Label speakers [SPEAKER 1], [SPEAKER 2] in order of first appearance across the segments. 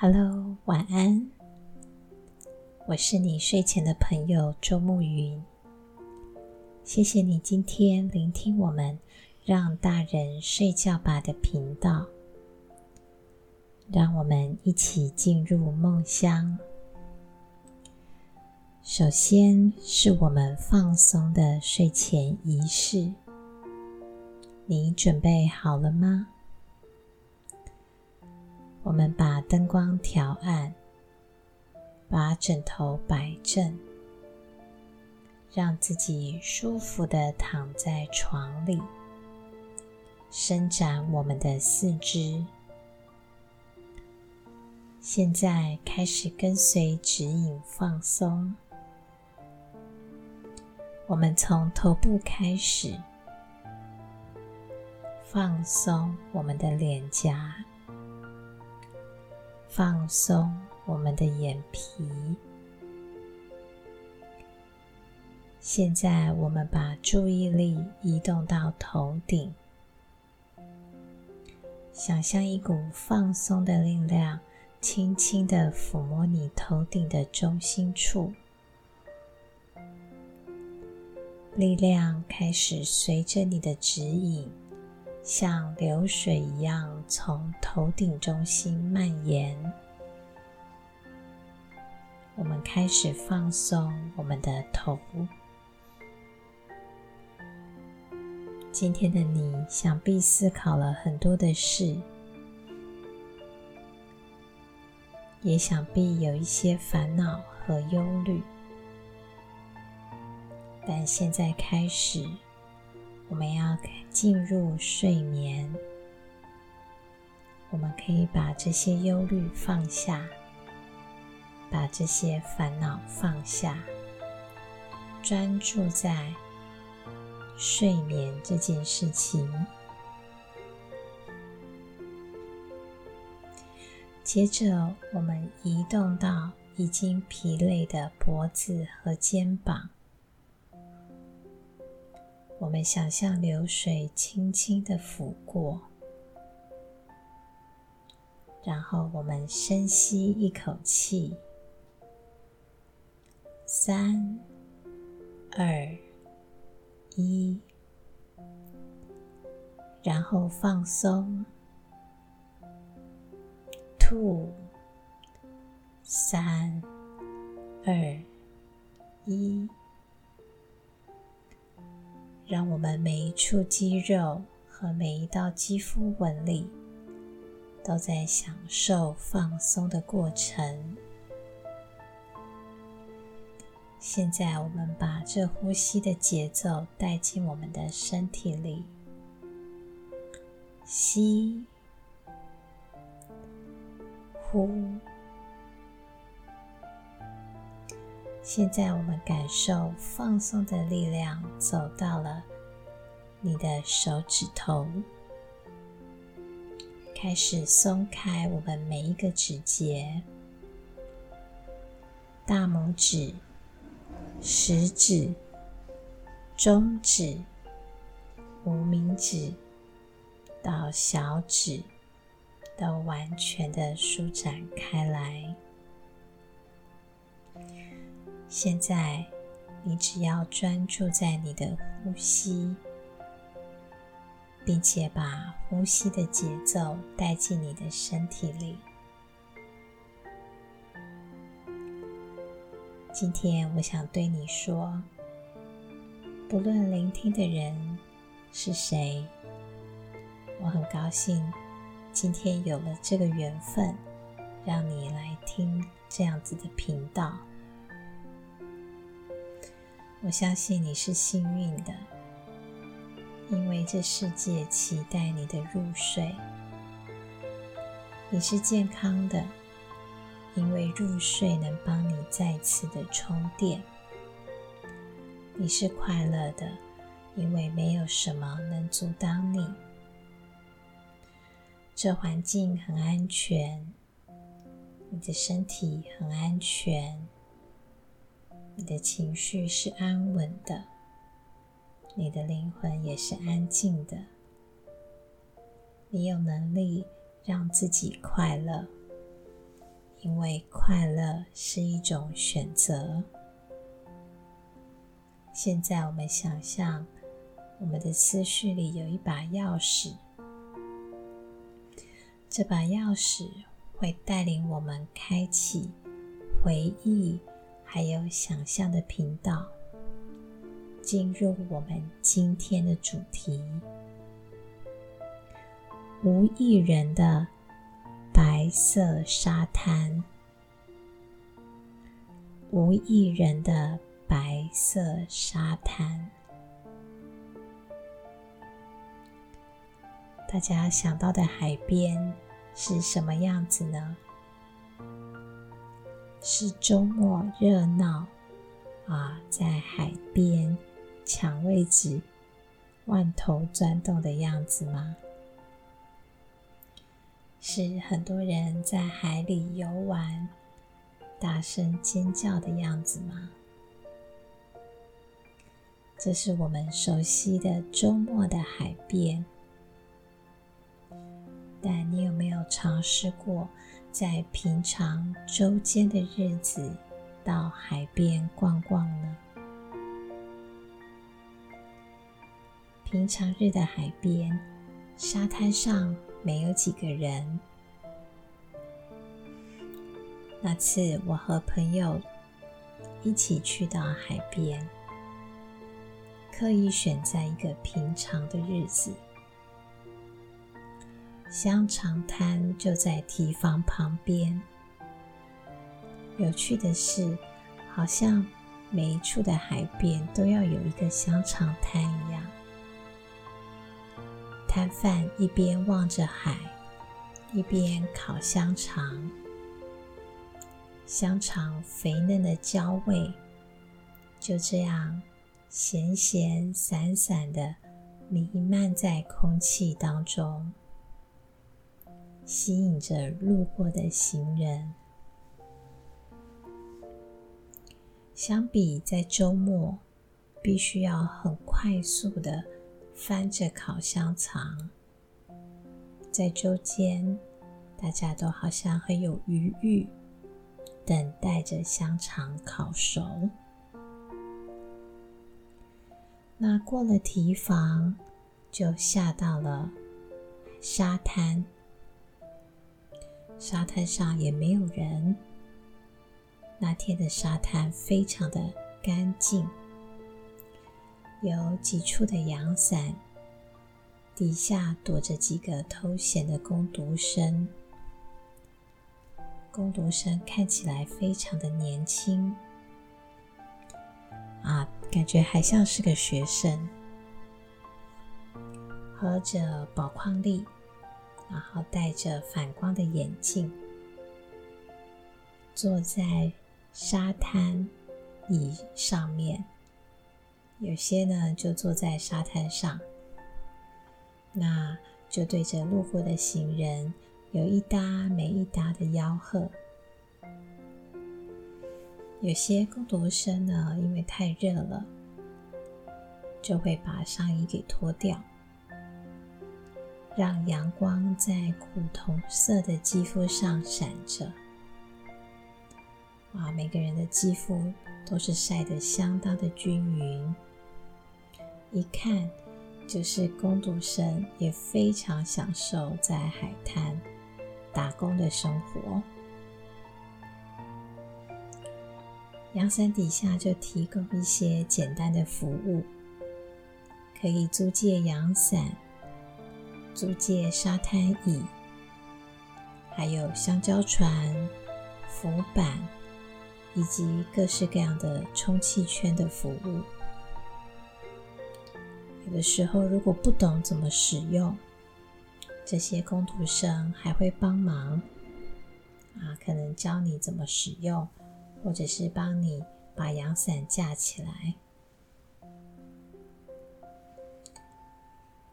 [SPEAKER 1] Hello，晚安。我是你睡前的朋友周沐昀。謝謝你今天聆聽我們“讓大人睡覺吧”的頻道。讓我們一起進入夢鄉。首先是我們放鬆的睡前儀式。你準備好了嗎？我們把燈光調暗，把枕頭擺正，讓自己舒服地躺在床裡，伸展我們的四肢。現在開始跟隨指引放鬆。我們從頭部開始，放鬆我們的臉頰。放鬆我們的眼皮。現在，我們把注意力移動到頭頂，想象一股放鬆的力量，輕輕的撫摸你頭頂的中心處。力量開始隨着你的指引。像流水一樣從頭頂中心蔓延。我們開始放鬆我們的頭部。今天的你想必思考了很多的事，也想必有一些煩惱和憂慮。但現在開始。我們要進入睡眠，我們可以把這些憂慮放下，把這些煩惱放下，專注在睡眠這件事情。接着，我們移動到已經疲累的脖子和肩膀。我們想象流水輕輕的拂過，然後我們深吸一口氣，三、二、一，然後放鬆，吐，三、二、一。讓我們每一處肌肉和每一道肌膚紋理都在享受放鬆的過程。現在，我們把這呼吸的節奏帶進我們的身體裡，吸，呼。現在，我們感受放鬆的力量，走到了你的手指頭，開始鬆開我們每一個指節：大拇指、食指、中指、無名指到小指，都完全的舒展開來。現在，你只要專注在你的呼吸，並且把呼吸的節奏帶進你的身體裡。今天我想對你說，不論聆聽的人是誰，我很高興今天有了這個緣分，讓你來聽這樣子的頻道。我相信你是幸運的，因為這世界期待你的入睡。你是健康的，因為入睡能幫你再次的充電。你是快樂的，因為沒有什麼能阻擋你。這環境很安全，你的身體很安全。你的情緒是安穩的，你的靈魂也是安靜的。你有能力讓自己快樂，因為快樂是一種選擇。現在，我們想象我們的思緒裡有一把鑰匙，這把鑰匙會帶領我們開啟回憶。還有想象的頻道，進入我們今天的主題：無一人的白色沙灘，無一人的白色沙灘。大家想到的海邊是什麼樣子呢？是週末熱鬧啊，在海邊搶位置、萬頭攢動的樣子嗎？是很多人在海裡遊玩、大聲尖叫的樣子嗎？這是我們熟悉的週末的海邊，但你有沒有嘗試過？在平常週間的日子，到海邊逛逛呢？平常日的海邊，沙灘上沒有幾個人。那次我和朋友一起去到海邊，刻意選在一個平常的日子。香腸攤就在堤防旁邊。有趣的是，好像每一處的海邊都要有一個香腸攤一樣。攤販一邊望着海，一邊烤香腸。香腸肥嫩的焦味就這樣鹹鹹散散的彌漫在空氣當中。吸引着路過的行人。相比在周末，必須要很快速的翻着烤香腸，在周間大家都好像很有餘裕，等待着香腸烤熟。那過了堤防，就下到了沙灘。沙灘上也沒有人。那天的沙灘非常的乾淨，有幾處的陽傘，底下躲着幾個偷閒的工讀生。工讀生看起來非常的年輕，啊，感覺還像是個學生，喝着寶礦力。然後戴着反光的眼鏡，坐在沙灘椅上面。有些呢就坐在沙灘上，那就對着路過的行人有一搭沒一搭的吆喝。有些工讀生呢，因為太熱了，就會把上衣給脫掉。讓陽光在古銅色的肌膚上閃着，哇！每個人的肌膚都是曬得相當的均勻，一看就是工讀生，也非常享受在海灘打工的生活。陽傘底下就提供一些簡單的服務，可以租借陽傘。租借沙灘椅，還有香蕉船、浮板，以及各式各樣的充氣圈的服務。有的時候，如果不懂怎麼使用，這些工讀生還會幫忙啊，可能教你怎麼使用，或者是幫你把陽傘架起來。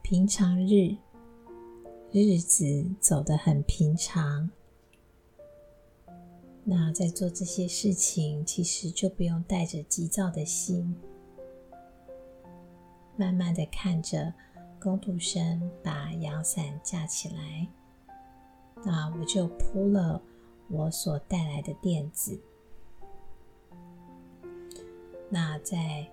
[SPEAKER 1] 平常日。日子走得很平常，那在做這些事情，其實就不用帶着急躁的心，慢慢的看着工讀生把陽傘架起來，那我就鋪了我所帶來的墊子。那在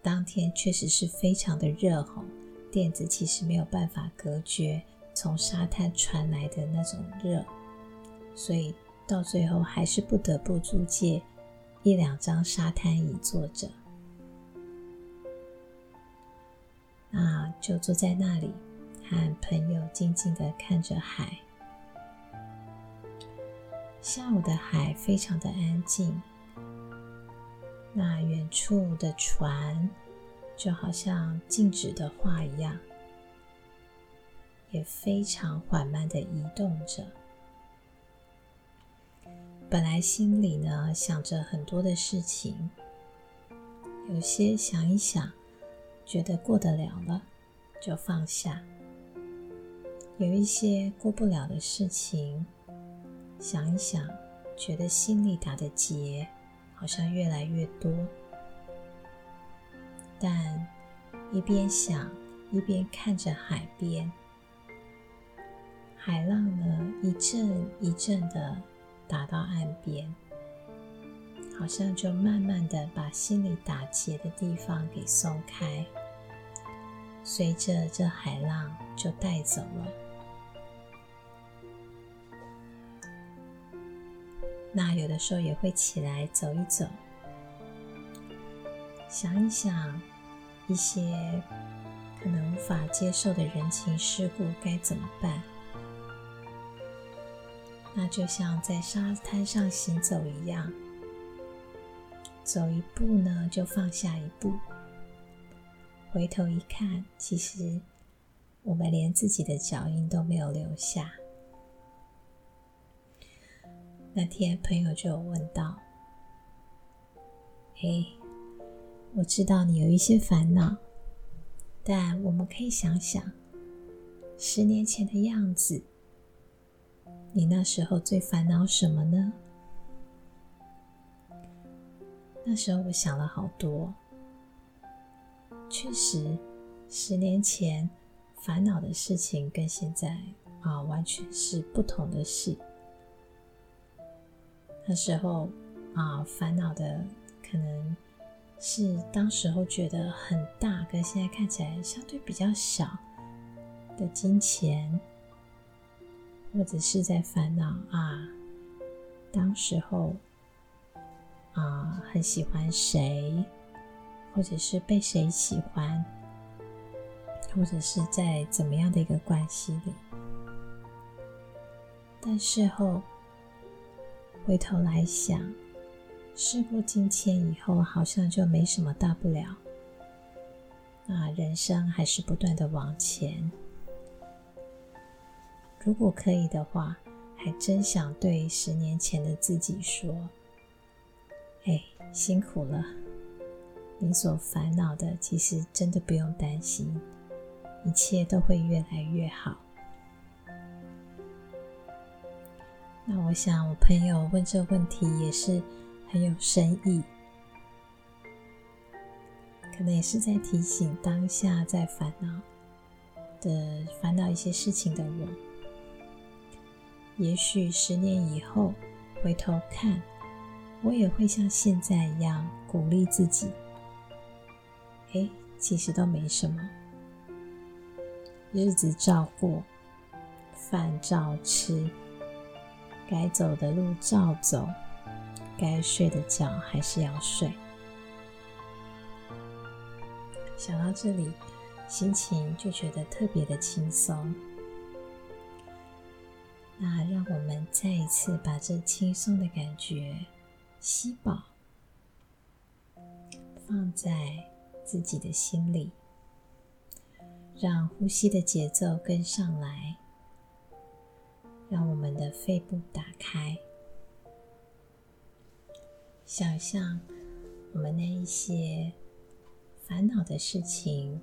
[SPEAKER 1] 當天確實是非常的熱吼，墊子其實沒有辦法隔絕。從沙灘傳來的那種熱，所以到最後還是不得不租借一兩張沙灘椅坐着，那就坐在那裡，和朋友靜靜的看着海。下午的海非常的安靜，那遠處的船就好像靜止的畫一樣。也非常緩慢的移動着。本來心裡呢，想着很多的事情，有些想一想，覺得過得了了，就放下；有一些過不了的事情，想一想，覺得心裡打的結好像越來越多。但一邊想，一邊看着海邊。海浪呢，一陣一陣的打到岸邊，好像就慢慢的把心裡打結的地方給鬆開，隨着這海浪就帶走了。那有的時候也會起來走一走，想一想一些可能無法接受的人情世故該怎麼辦？那就像在沙灘上行走一樣，走一步呢就放下一步，回頭一看，其實我們連自己的腳印都沒有留下。那天朋友就問道，哎，我知道你有一些煩惱，但我們可以想想十年前的樣子。”你那時候最煩惱什麼呢？那時候我想了好多，確實，十年前煩惱的事情跟現在啊完全是不同的事。那時候啊，煩惱的可能是當時候覺得很大，跟現在看起來相對比較小的金錢。或者是在煩惱啊，當時候啊很喜歡誰，或者是被誰喜歡，或者是在怎麼樣的一個關係裡，但事後回頭來想，事過境遷以後，好像就沒什麼大不了。啊，人生還是不斷的往前。如果可以的話，還真想對十年前的自己說：“哎，辛苦了！你所煩惱的，其實真的不用擔心，一切都會越來越好。”那我想，我朋友問這問題也是很有深意，可能也是在提醒當下在煩惱的煩惱一些事情的我。也許十年以後，回頭看，我也會像現在一樣鼓勵自己。誒，其實都沒什麼，日子照過，飯照吃，該走的路照走，該睡的覺還是要睡。想到這裡，心情就覺得特別的輕鬆。那讓我們再一次把這輕鬆的感覺吸飽，放在自己的心裡，讓呼吸的節奏跟上來，讓我們的肺部打開。想象我們那一些煩惱的事情，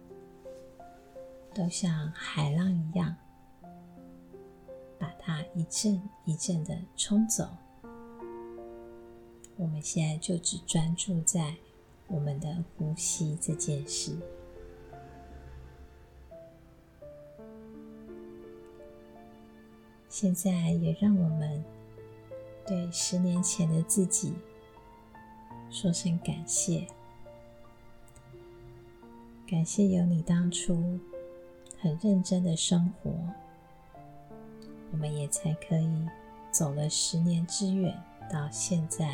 [SPEAKER 1] 都像海浪一樣。把它一陣一陣的沖走。我們現在就只專注在我們的呼吸這件事。現在也讓我們對十年前的自己說聲感謝，感謝有你當初很認真的生活。我們也才可以走了十年之遠，到現在。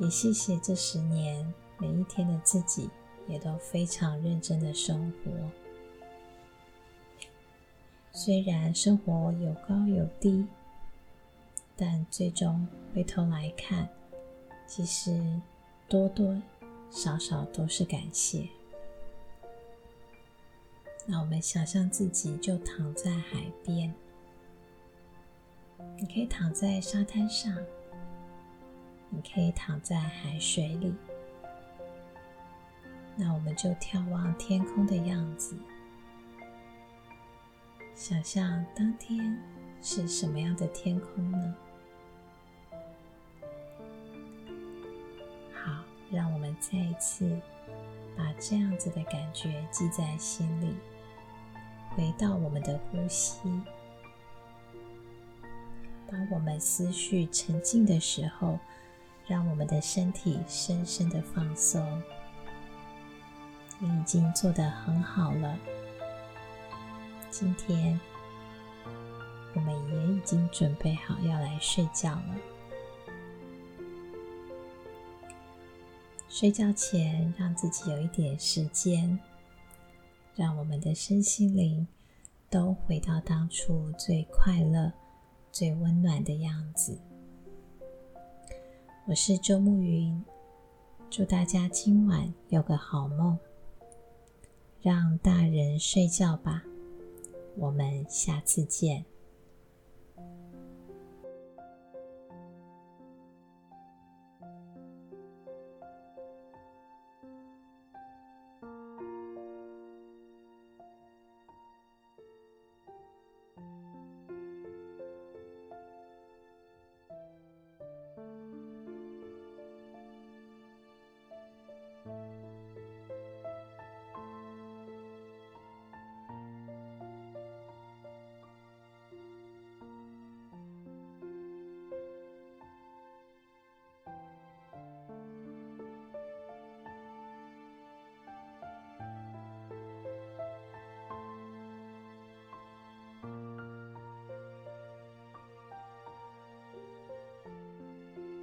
[SPEAKER 1] 也謝謝這十年每一天的自己，也都非常認真的生活。雖然生活有高有低，但最終回頭來看，其實多多少少都是感謝。那我們想象自己就躺在海邊，你可以躺在沙灘上，你可以躺在海水裡。那我們就眺望天空的樣子，想象當天是什麼樣的天空呢？好，讓我們再一次把這樣子的感覺記在心裡。回到我們的呼吸，當我們思緒沉靜的時候，讓我們的身體深深的放鬆。你已經做得很好了。今天我們也已經準備好要來睡覺了。睡覺前，讓自己有一點時間。讓我們的身心靈都回到當初最快樂、最溫暖的樣子。我是周沐昀，祝大家今晚有個好夢。讓大人睡覺吧，我們下次見。